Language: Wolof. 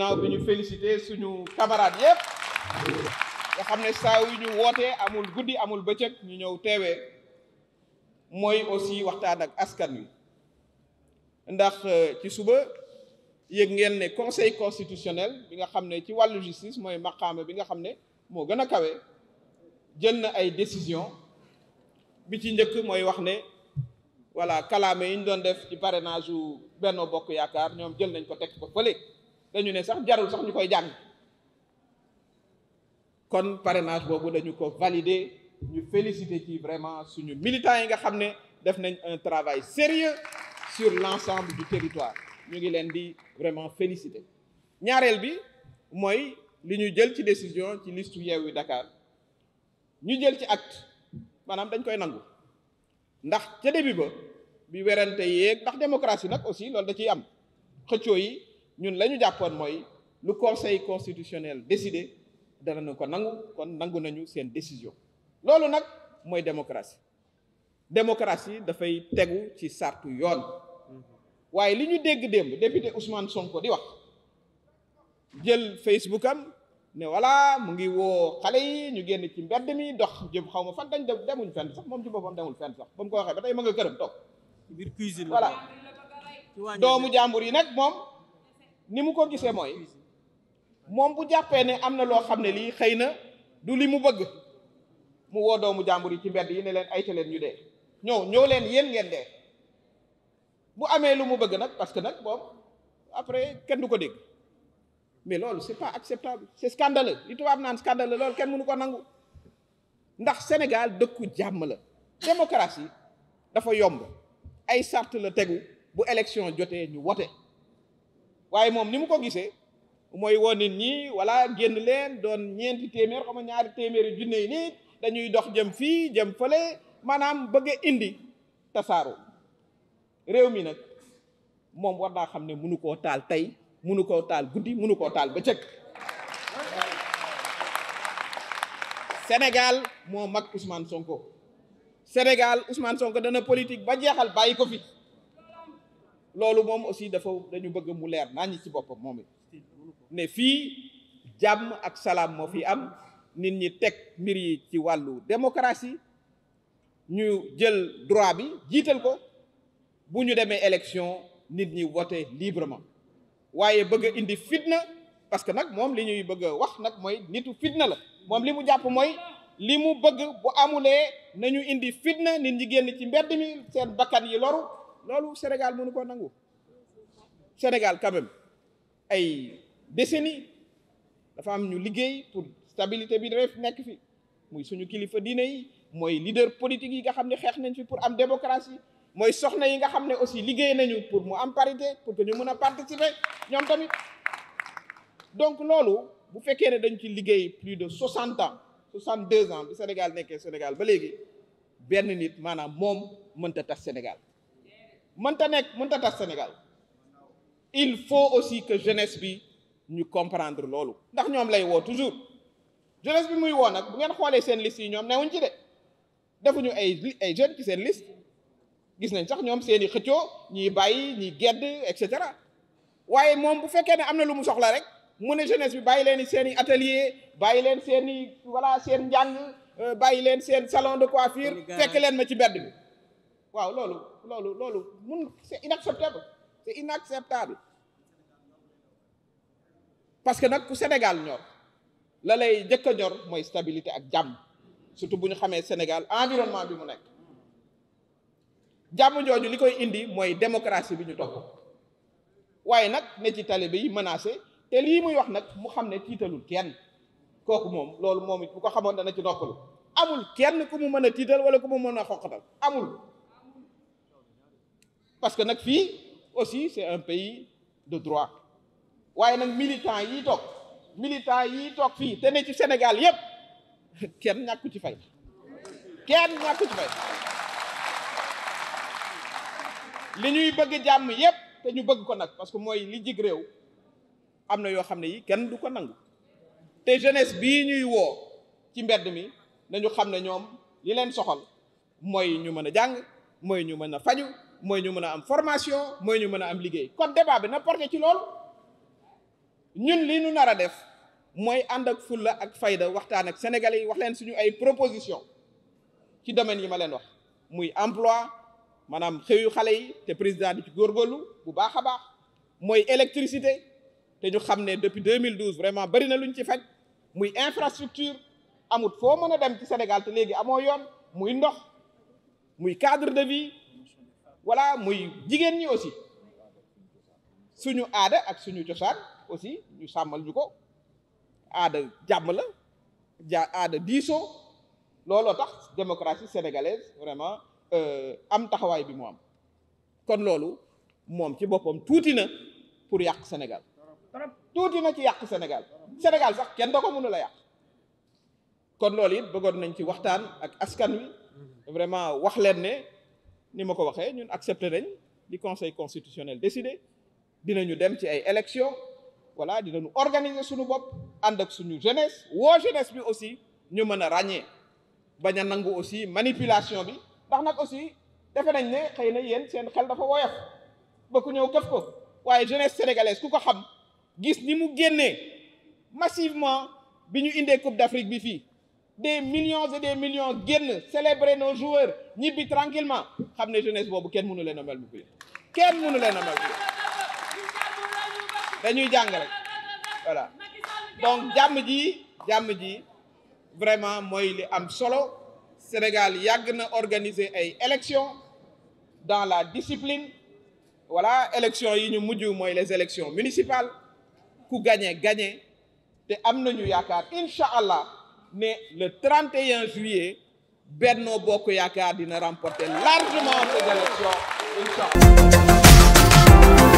ginnaaw bi ñu félicité suñu camarade yépp nga xam ne saa yu ñu wootee amul guddi amul bëccëg ñu ñëw teewee mooy aussi waxtaan ak askan wi ndax euh, ci suba yëg ngeen ne conseil constitutionnel bi nga xam ne ci wàllu justice mooy maqaama bi nga xam ne moo gën a kawe jël na ay décision bi ci njëkk mooy wax ne voilà kalaame yi ñu doon def ci parrainage u Benno Bokk Yaakaar ñoom jël nañ ko teg ko fële dañu ne sax jarul sax ñu koy jàng kon parrainage boobu dañu ko valider ñu féliciter ci vraiment suñu militants yi nga xam ne def nañ un travail sérieux sur l'ensemble du territoire ñu ngi leen di vraiment féliciter ñaareel bi mooy li ñu jël ci décision ci liste Yewwi Dakar ñu jël ci acte maanaam dañ koy nangu ndax ca début ba bi werante yeeg ndax démocratie nag aussi lool da ciy am xëccoo yi ñun la ñu jàppoon mooy lu conseil constitutionnel décidé na ko nangu kon nangu nañu seen décision loolu nag mooy démocratie démocratie dafay tegu ci sartu yoon waaye li ñu dégg démb député Ousmane Sonko di wax jël Facebook am ne voilà mu ngi woo xale yi ñu génn ci mbedd mi dox jëm xaw ma fan dañ dem demuñ fenn sax moom ci boppam demul fenn sax ba mu ko waxee ba tey ma nga këram toog. biir voilà doomu jàmbur yi nag moom. ni mu ko gisee mooy moom bu jàppee ne am na loo xam ne lii xëy na du li mu bëgg mu woo doomu jàmbur yi ci mbedd yi ne leen ayta leen ñu dee ñëw ñëw leen yéen ngeen dee mu amee lu mu bëgg nag parce que nag boobu après kenn du ko dégg mais loolu c'est pas acceptable c'est scandaleux li tubaab naan scandaleux loolu kenn mënu ko nangu ndax Sénégal dëkku jàmm la démocratie dafa yomb ay sart la tegu bu élection jotee ñu wote waaye moom ni mu ko gisee mooy woon nit ñi wala génn leen doon ñeenti téeméer xam nga ñaari téeméeri junne yi nii dañuy dox jëm fii jëm fële maanaam bëgg indi tasaaru réew mi nag moom war naa xam ne munu koo taal tey munu koo taal guddi munu koo taal ba bëccëg Sénégal moo mag Ousmane Sonko Sénégal Ousmane Sonko dana politique ba jeexal bàyyi ko fi loolu moom aussi dafa dañu bëgg mu leer naa ñi ci boppam moom it ne fii jàmm ak salaam moo fi am nit ñi teg mbir yi ci wàllu démocratie ñu jël droit bi jiital ko bu ñu demee élection nit ñi vote librement waaye bëgg indi fitna parce que nag moom li ñuy bëgg wax nag mooy nitu fitna la moom li mu jàpp mooy li mu bëgg bu amulee nañu indi fitna nit ñi génn ci mbedd mi seen bakkan yi loru loolu Sénégal mënu ko nangu Sénégal quand ay décennies dafa am ñu liggéey pour stabilité bi dafay nekk fi muy suñu kilifa diine yi mooy leader politique yi nga xam ne xeex nañ fi pour am démocratie mooy soxna yi nga xam ne aussi liggéey nañu pour mu am parité pour que ñu mën a participer ñoom tamit donc loolu bu fekkee ne dañ ci liggéey plus de soixante ans soixante deux ans bi Sénégal nekkee Sénégal ba léegi benn nit maanaam moom mënta tas Sénégal mënta nekk mënta tas Sénégal il faut aussi que jeunesse bi ñu comprendre loolu ndax ñoom lay woo toujours jeunesse bi muy woo nag bu ngeen xoolee seen liste yi ñoom newuñ ci de defuñu ay ay jeunes ci seen liste gis nañ sax ñoom seeni i xëccoo ñiy bàyyi ñii gedd et cetera waaye moom bu fekkee ne am na lu mu soxla rek mu ne jeunesse bi bàyyi leen seen i atelier bàyyi leen seen i voilà seen njàng euh, bàyyi leen seen salon de coiffure fekk leen ma ci mbedd bi waaw loolu loolu loolu mun c'est inacceptable c'est inacceptable parce que nag ku Sénégal ñor la lay njëkk a ñor mooy stabilité ak jàmm surtout bu ñu xamee Sénégal environnement bi mu nekk jàmm jooju li koy indi mooy démocratie bi ñu topp waaye nag ne ci talibé yi menacé te lii muy wax nag mu xam ne tiitalul kenn kooku moom loolu moom it bu ko xamoon dana ci noppalu amul kenn ku mu mën a tiital wala ku mu mën a xoqatal amul parce que nag fii aussi c'est un pays de droit waaye nag militant yii toog militant yii toog fii te ne ci Sénégal yépp kenn ñàkku ci fay ci fay li ñuy bëgg jàmm yépp te ñu bëgg ko nag parce que mooy li jig réew am na yoo xam ne yi kenn du ko nangu te jeunesse bii ñuy woo ci mbedd mi nañu xam ne ñoom li leen soxal mooy ñu mën a jàng mooy ñu mën a faju mooy ñu mën a am formation mooy ñu mën a am liggéey kon débat bi na porté ci loolu ñun li ñu nar a def mooy ànd ak fulla ak fayda waxtaan ak sénégalais yi wax leen suñu ay proposition ci domaine yi ma leen wax muy emploi maanaam xëyu xale yi te président di ci góorgóorlu bu baax a baax mooy électricité te ñu xam ne depuis 2012 vraiment bari na luñ ci faj muy infrastructure amut foo mën a dem ci Sénégal te léegi amoo yoon muy ndox muy cadre de vie voilà muy jigéen ñi aussi suñu aada ak suñu cosaan aussi ñu sàmmal ñu ko aada jàmm la ja aada diisoo looloo tax démocratie sénégalaise vraiment euh, am taxawaay bi mu am kon loolu moom ci boppam tuuti na pour yàq Sénégal tuuti na ci yàq Sénégal Sénégal sax kenn da ko mënu la yàq kon loolu it bëggoon nañ ci waxtaan ak askan wi vraiment wax leen ne ni ma ko waxee ñun accepté nañ di conseil constitutionnel décidé dinañu dem ci ay élections voilà dinañu organiser suñu bopp ànd ak suñu jeunesse woo jeunesse bi aussi ñu mën a ràññee bañ a nangu aussi manipulation bi ndax nag aussi defe nañ ne xëy na yéen seen xel dafa woyof ba ku ñëw këf ko waaye jeunesse sénégalaise ku ko xam gis ni mu génnee massivement bi ñu indee Coupe d'Afrique bi fii. des millions et des millions génn célébrer nos joueurs ñibbi tranquillement xam ne jeunesse boobu kenn mënu leen a mel bouclier kenn nu leen a mel bouclier dañuy jàng rek voilà donc jàmm ji jàmm ji vraiment mooy li am solo Sénégal yàgg na organiser ay élections dans la discipline wala élections yi ñu mujj mooy les élections municipales ku gañe gañe te am nañu yaakaar incha allah. ne le 31 juillet Benno Bokk Yaakaar dina remporter largement ces élections incha allah